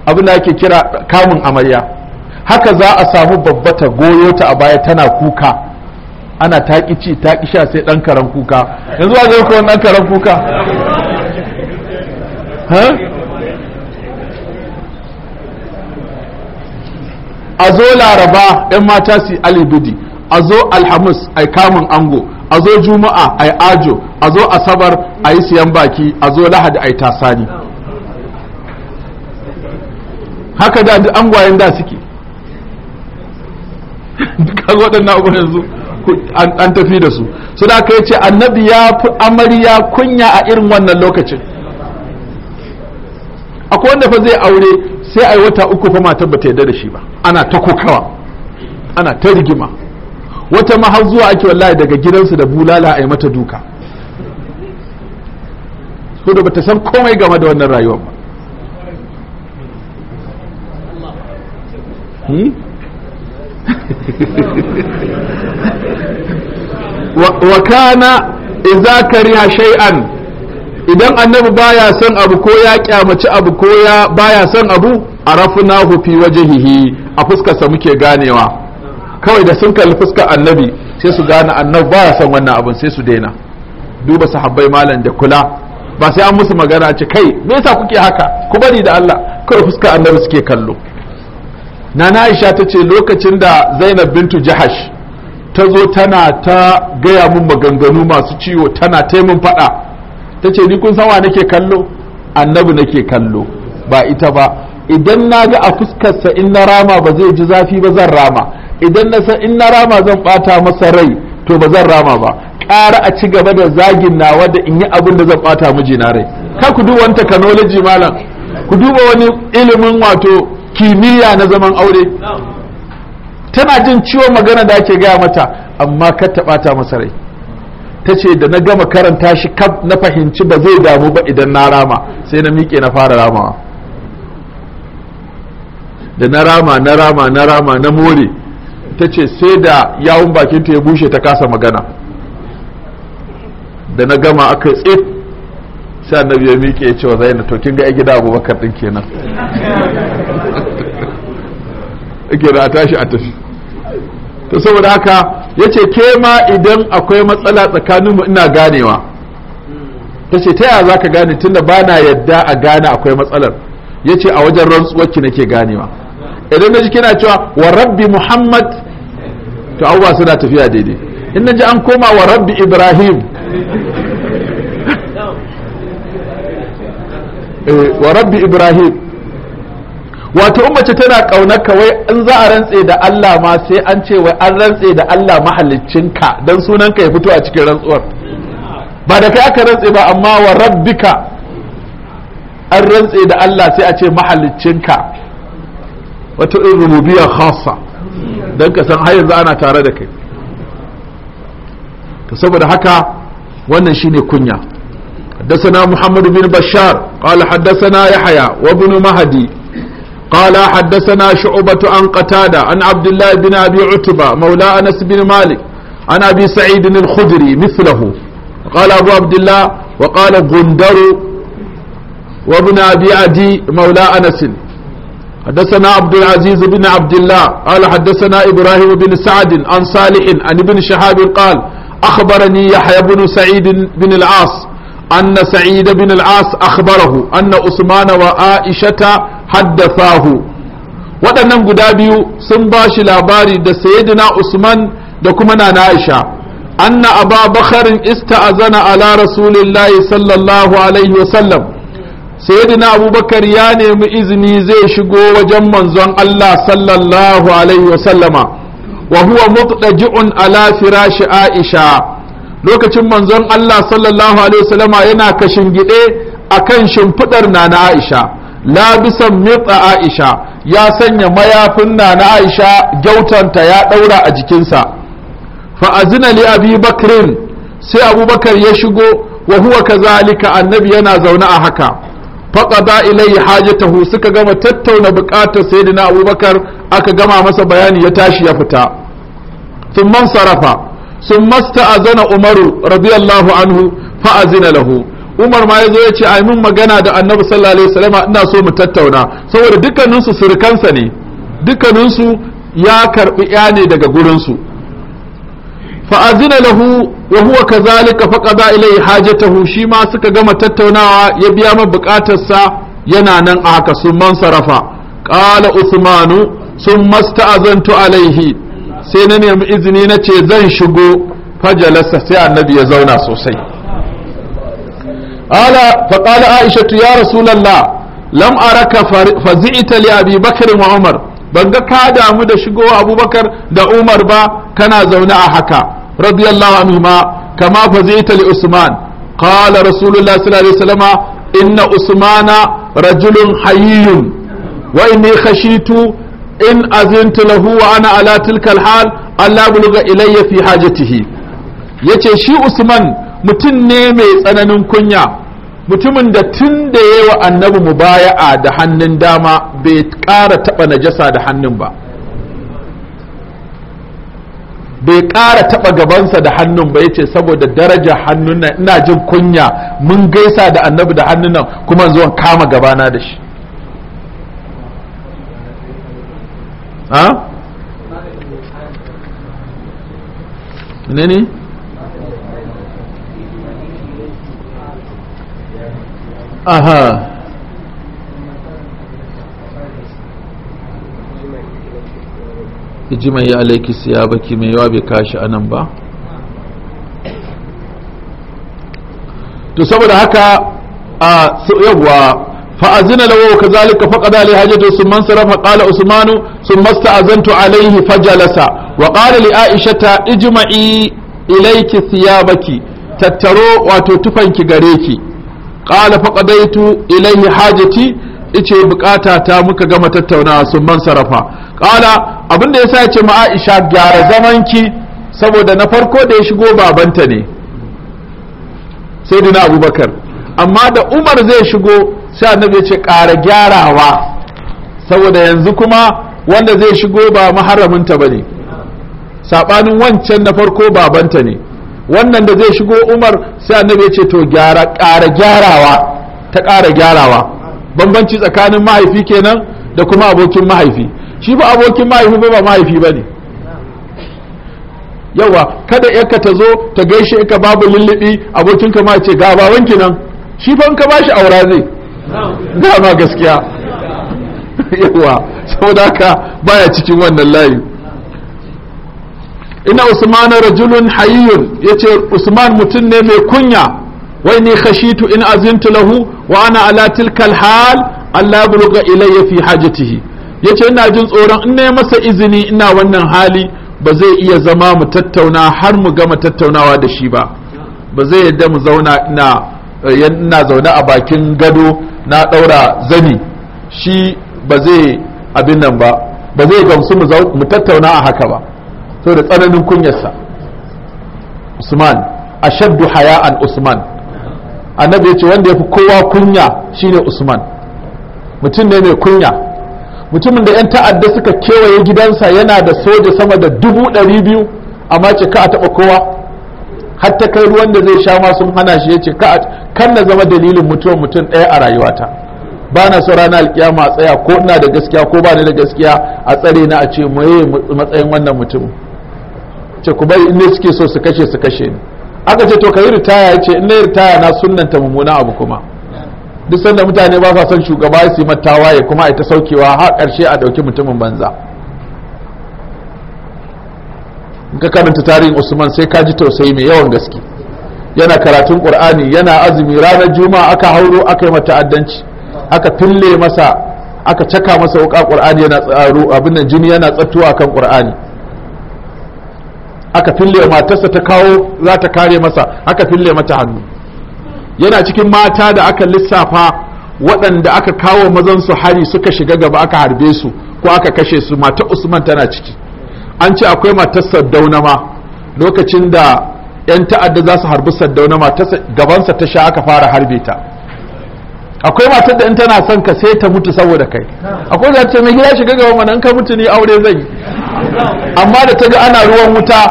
abin da ake kira kamun amarya haka za a samu babbata goyo ta a baya tana kuka ana taƙi ci taƙi sha sai ɗan karan kuka yanzu a zai kuwa ɗan karan kuka a zo laraba yan mata su alibidi a zo alhamis ai kamun ango a zo juma'a ai ajo a zo asabar a yi siyan baki a zo lahadi yi tasani haka da duk gwayen da suke kaga waɗannan abubuwan yanzu an tafi da su su da ya ce annabi ya fi amari ya kunya a irin wannan lokacin akwai wanda fa zai aure sai a yi wata uku fa matar ba ta yarda da shi ba ana ta kokawa ana ta rigima wata ma har zuwa ake wallahi daga gidansu da bulala a yi mata duka ko da bata san komai game da wannan rayuwar ba hmm? wa kana idza kariha shay'an idan annabi baya son abu ko ya kyamaci abu ko ya baya son abu arafnahu fi wajhihi a fuskarsa muke ganewa kawai da sun kalli fuskar annabi sai su gane annabi baya son wannan abun sai su daina duba sahabbai malam da kula ba sai an musu magana ce kai me yasa kuke haka ku bari da Allah kawai fuskar annabi suke kallo nana Aisha ta ce lokacin da Zainab bintu Jahash ta zo tana ta gaya mun maganganu masu ciwo tana taimun faɗa ta ce ni kun nake kallo annabi nake kallo ba ita ba idan na ga a fuskarsa in na rama ba zai ji zafi ba zan rama idan na san in na rama zan bata masa rai to ba zan rama ba ƙara a ci gaba da zagin nawa da in yi abin da zan bata mijina rai ka ku duba wani technology malam ku duba wani ilimin wato kimiyya na zaman aure tana jin ciwon magana da ake gaya mata amma ka ta ɓata masa rai ta ce da na gama karanta shi kaf na fahimci ba zai damu ba idan na rama sai na miƙe na fara ramawa da na rama na rama na rama na more ta ce sai da yawun bakinta ya bushe ta kasa magana da na gama aka tsif sa na ya miƙe ya ce wa zaina to kin ga gida abubakar din kenan ake da a tashi a tashi to saboda haka ya ce ke ma idan akwai matsala tsakaninmu ina ganewa ta ce ta yaya za ka gane tunda ba na yadda a gane akwai matsalar ya ce a wajen rantsuwarki nake ganewa idan na ji kina cewa wa rabbi muhammad to abubuwa suna tafiya daidai in na ji an koma wa rabbi ibrahim eh, wa rabbi ibrahim wato in mace tana kaunar ka wai in za a rantse da Allah ma sai an ce wai an rantse da Allah ka dan sunan ka ya fito a cikin rantsuwar ba da kai aka rantse ba amma wa rabbika an rantse da Allah sai a ce ka wato in rububiyya khassa dan ka san har yanzu ana tare da kai to saboda haka wannan shine kunya حدثنا محمد بن بشار قال حدثنا يحيى وابن مهدي قال حدثنا شعبة عن قتادة عن عبد الله بن أبي عتبة مولى أنس بن مالك عن أبي سعيد الخدري مثله قال أبو عبد الله وقال غندر وابن أبي عدي مولى أنس حدثنا عبد العزيز بن عبد الله قال حدثنا إبراهيم بن سعد عن صالح عن ابن شهاب قال أخبرني يحيى بن سعيد بن العاص أن سعيد بن العاص أخبره أن عثمان وعائشة حدثاه waɗannan guda biyu sun ba shi labari da sayyidina usman da kuma na aisha anna aba bakarin ista'azana ala rasulillahi sallallahu alaihi wasallam sayyidina abubakar ya nemi izini zai shigo wajen manzon allah sallallahu alaihi wasallama wa huwa a ala firashi aisha lokacin manzon Allah sallallahu alaihi wasallama yana gide akan shimfidar nana Aisha labisan mitsa Aisha ya sanya mayafin nana Aisha gyautanta ya daura a jikinsa fa azina li Abi Bakrin sai Abubakar ya shigo wa huwa kazalika annabi yana zaune a haka faqada ilayhi hajatahu suka gama tattauna bukatar sayyidina Abubakar aka gama masa bayani ya tashi ya fita thumma sarafa sun masta zana umaru radiyallahu anhu fa lahu umar ma yazo ya ce yi min magana da annabi sallallahu alaihi ina so mu tattauna saboda dukkaninsu surukansa ne dukkaninsu ya karɓi ya ne daga gurinsu. su fa azina lahu wa huwa kazalika fa ilai ilayhi shi ma suka gama tattaunawa ya biya ma sa yana nan a haka sun man sarafa Ƙala usmanu sun masta'azantu alaihi sai na nemi izini na ce zan shigo fajalasa sai annabi ya zauna sosai ala faƙala aishatu ya rasulallah lam araka fazi'ita li abi bakar wa umar ban ga ka damu da shigo abubakar da umar ba kana zaune a haka radiyallahu anhu kama fazi'ita li usman qala rasulullah sallallahu alaihi wasallam inna usmana rajulun hayyun wa inni khashitu in azintu lahu wa ana ala tilka alhal Allah bulga ilayya fi hajatihi yace shi Usman mutum ne mai tsananin kunya mutumin da tun da yawa annabi mubaya'a da hannun dama bai ƙara taɓa najasa da hannun ba bai ƙara taɓa gabansa da hannun ba yace saboda daraja hannun ina jin kunya mun gaisa da annabi da hannun nan kuma zuwan kama gabana da shi a ne ne ya alaiki siya baki mai yawa bai kashi a nan ba to saboda haka a yawwa فأذن له وكذلك فقد عليه حاجة ثم انصرف قال عثمان ثم استأذنت عليه فجلس وقال لعائشة اجمعي إليك ثيابك tattaro wato tufanki قال فقديت إليه faqadaitu ice bukata ta muka gama tattaunawa sun man sarafa abin da yasa yace ma Aisha gyara ki saboda na farko da ya shigo babanta ne sai dina Abubakar amma da Umar zai shigo sai annabi ya ce ƙara gyarawa saboda yanzu kuma wanda zai shigo ba maharaminta ba ne saɓanin wancan na farko babanta ne wannan da zai shigo umar sai annabi ya ce to gyara ƙara gyarawa ta ƙara gyarawa bambanci tsakanin mahaifi kenan da kuma abokin mahaifi shi ba abokin mahaifi ba ba mahaifi ba ne yawa kada yaka ta zo ta gaishe ka babu lullubi abokinka ma ce ga wanki nan shi fa in ka bashi aura zai dama gaskiya yawa saboda haka baya cikin wannan layi ina usman rajulun hayyun yace usman mutum ne mai kunya wai ni khashitu in azintu lahu wa ana ala hal Allah yabluga ilayya fi hajatihi yace ina jin tsoron in nayi masa izini ina wannan hali ba zai iya zama mu tattauna har mu gama tattaunawa da shi ba ba zai yadda mu zauna ina ina zaune a bakin gado na ɗaura zani shi ba zai abin nan ba ba zai gamsu mu tattauna a haka ba da tsananin kunyarsa usman A ashaddu an usman annabi ya ce wanda ya fi kowa kunya shine usman mutum ne mai kunya mutumin da 'yan ta'adda suka kewaye gidansa yana da soja sama da dubu ɗari biyu amma ce ka a taɓa kowa hatta kai ruwan da zai sha ma sun hana shi ya ce kan na zama dalilin mutuwar mutum ɗaya a rayuwata ba na so ranar alkiyama a tsaya ko ina da gaskiya ko ba ni da gaskiya a tsare na a ce moye matsayin wannan mutum ce ku bari in suke so su kashe su kashe ni aka ce to ka yi ritaya ya ce in na ritaya na sunanta mummuna abu kuma duk sanda mutane ba sa son shugaba su yi ya kuma a ta saukewa har karshe a ɗauki mutumin banza in ka karanta tarihin usman sai ka ji tausayi mai yawan gaske yana karatun qur'ani yana azumi ranar juma'a aka hauro aka yi mata addanci aka fille masa aka caka masa wuka qur'ani yana tsaro abin nan jini yana tsattuwa kan qur'ani aka fille matarsa ta kawo za ta kare masa aka fille mata hannu yana cikin mata da aka lissafa waɗanda aka kawo mazan su hari suka shiga gaba aka harbe su ko aka kashe su mata usman tana ciki an ce akwai matarsa daunama lokacin da yan ta'adda za su harbi saddauna matarsa gabansa ta sha aka fara harbe ta akwai matar da in tana son ka sai ta mutu saboda kai akwai da ce mai gida shiga gaban mana in ka mutu ni aure zai amma da ta ga ana ruwan wuta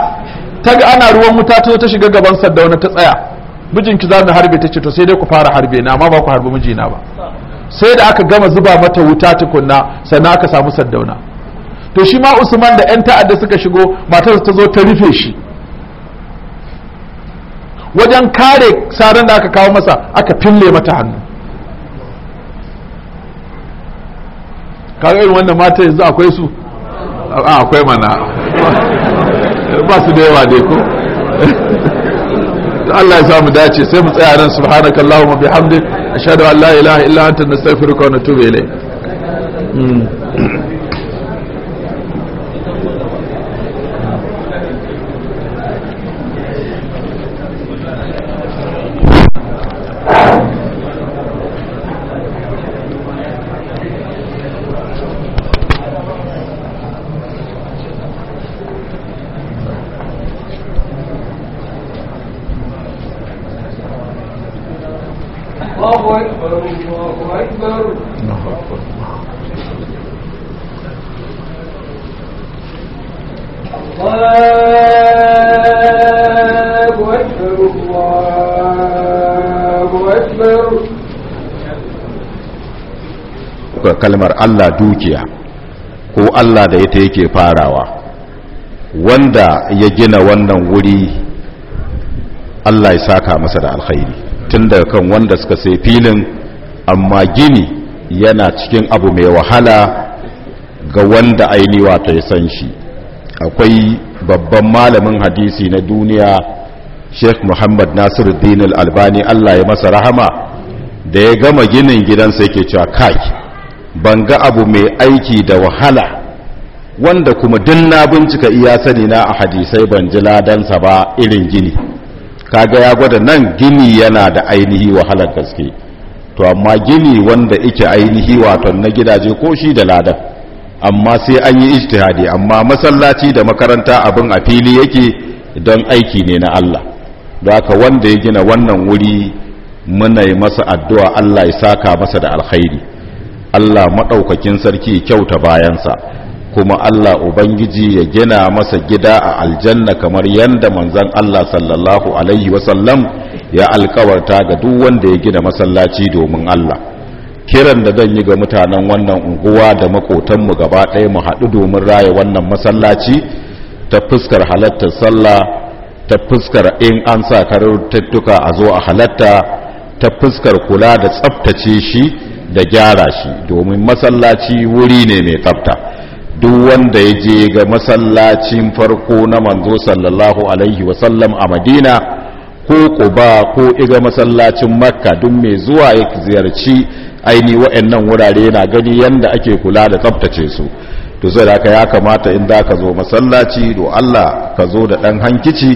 ta ana ruwan wuta ta ta shiga gaban saddauna ta tsaya mijinki za mu harbe ta ce to sai dai ku fara harbe na amma ba ku harbi mijina ba sai da aka gama zuba mata wuta tukunna sannan aka samu saddauna to shi ma usman da 'yan ta'adda suka shigo matar ta zo ta rufe shi wajen kare saran da aka kawo masa aka fille mata hannu kaga irin wannan mata yanzu akwai su akwai mana ba su da yawa dai ko Allah ya samu dace sai mu tsaya nan subhanaka allahumma bihamdik ashhadu an la ilaha illa anta nastaghfiruka wa natubu ilayk hmm. kalmar Allah dukiya ko Allah da ita yake farawa wanda ya gina wannan wuri Allah ya saka masa da alkhairi tun daga kan wanda suka sai filin amma gini yana cikin abu mai wahala ga wanda aini wato ya san shi akwai babban malamin hadisi na duniya sheikh muhammad nasiruddin al-albani allah ya masa rahama da ya gama ginin gidansa yake cewa kai ban ga abu mai aiki da wahala wanda kuma din na bincika iya sani na a hadisai ban ji ladansa ba irin gini kaga ya gwada nan gini yana da ainihi wahalar gaske to amma gini wanda ike ainihi wato na gidaje ko shi da ladan amma sai an yi ijtihadi amma masallaci da makaranta abin a fili yake don aiki ne na Allah da haka wanda ya gina wannan wuri muna yi masa addu'a Allah ya saka masa da alkhairi Allah maɗaukakin sarki kyauta bayansa kuma Allah Ubangiji ya gina masa gida a aljanna kamar yadda manzan Allah sallallahu Alaihi wasallam ya alkawarta ga duk wanda ya gina masallaci domin Allah kiran da zan yi ga mutanen wannan unguwa da makotanmu gaba ɗaya mu haɗu domin raya wannan masallaci ta fuskar halattar sallah ta fuskar in an sa karar tattuka a zo a halatta ta fuskar kula da tsaftace shi da gyara shi domin masallaci wuri ne mai tsafta duk wanda ya je ga masallacin farko na manzo sallallahu alaihi wasallam a madina ko kuba ko iga masallacin makka duk mai zuwa ya ziyarci aini wa'annan wurare na gani yanda ake kula da tsaftace su to zai da ya kamata in da ka zo masallaci do Allah ka zo da dan hankici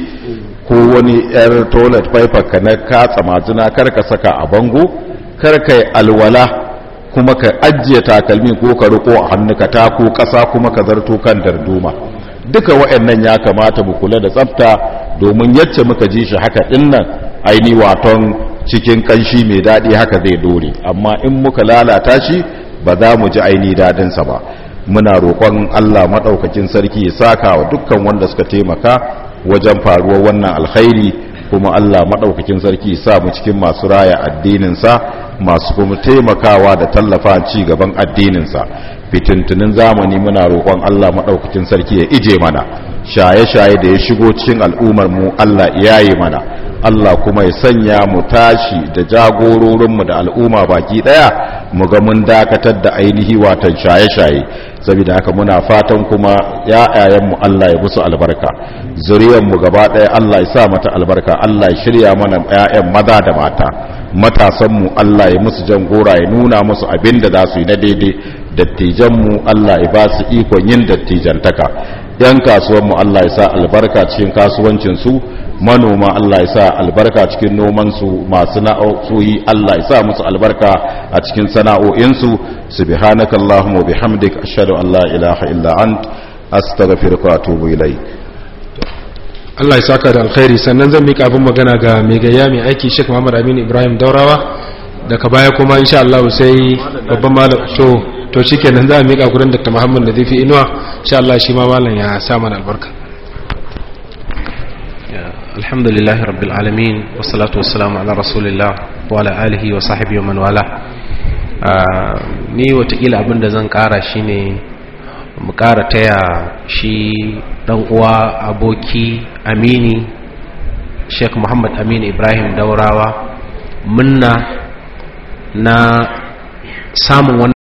ko wani yar toilet paper ka na katsa majina kar ka saka a bango kar ka alwala kuma ka ajiye takalmin ko ka riko a hannu ka ko ƙasa kuma ka zarto kan darduma duka wa'annan ya kamata mu kula da tsafta domin yacce muka ji shi haka dinnan aini waton cikin kanshi mai daɗi haka zai dore amma in muka lalata shi ba za mu ji aini daɗinsa ba muna roƙon Allah maɗaukakin sarki ya saka wa dukkan wanda suka taimaka wajen faruwar wannan alkhairi kuma Allah maɗaukakin sarki ya sa mu cikin masu raya addininsa masu kuma taimakawa da tallafa ci gaban addininsa fitintunin zamani muna roƙon Allah maɗaukacin sarki ya ije mana shaye-shaye da ya shigo cikin al'ummar mu Allah ya yi mana Allah kuma ya sanya mu tashi da jagororinmu da al'umma baki daya mu ga mun dakatar da ainihi watan shaye-shaye saboda haka muna fatan kuma ya'yayenmu Allah ya musu albarka zuriyarmu gaba daya Allah ya sa mata albarka Allah ya shirya mana ƴaƴan maza da mata matasanmu Allah ya musu jan gora ya nuna musu abin da za su yi na daidai dattijanmu Allah ya ba su ikon yin dattijantaka 'yan kasuwanmu Allah ya sa albarka cikin kasuwancinsu manoma Allah ya sa albarka cikin nomansu masu na'o'i Allah ya sa musu albarka a cikin sana'o'insu subhanakallahumma bihamdik ashhadu an la ilaha illa ant astaghfiruka wa atubu ilaik Allah ya saka da alkhairi sannan zan mika abin magana ga mai gayya mai aiki Sheikh Muhammad Aminu Ibrahim Daurawa daga baya kuma insha Allah sai babban malam to to kenan za a miƙa gurin Dr. Muhammad zafi Inuwa sha Allah shi ma malam ya sa mana albarka alhamdulillahi rabbil alamin wasalatu wassalamu ala rasulillah wa ala alihi wa sahibi wa man wala ni watakila abin da zan kara ne mu kara taya shi dan uwa aboki amini Sheikh Muhammad Aminu Ibrahim Daurawa munna na samun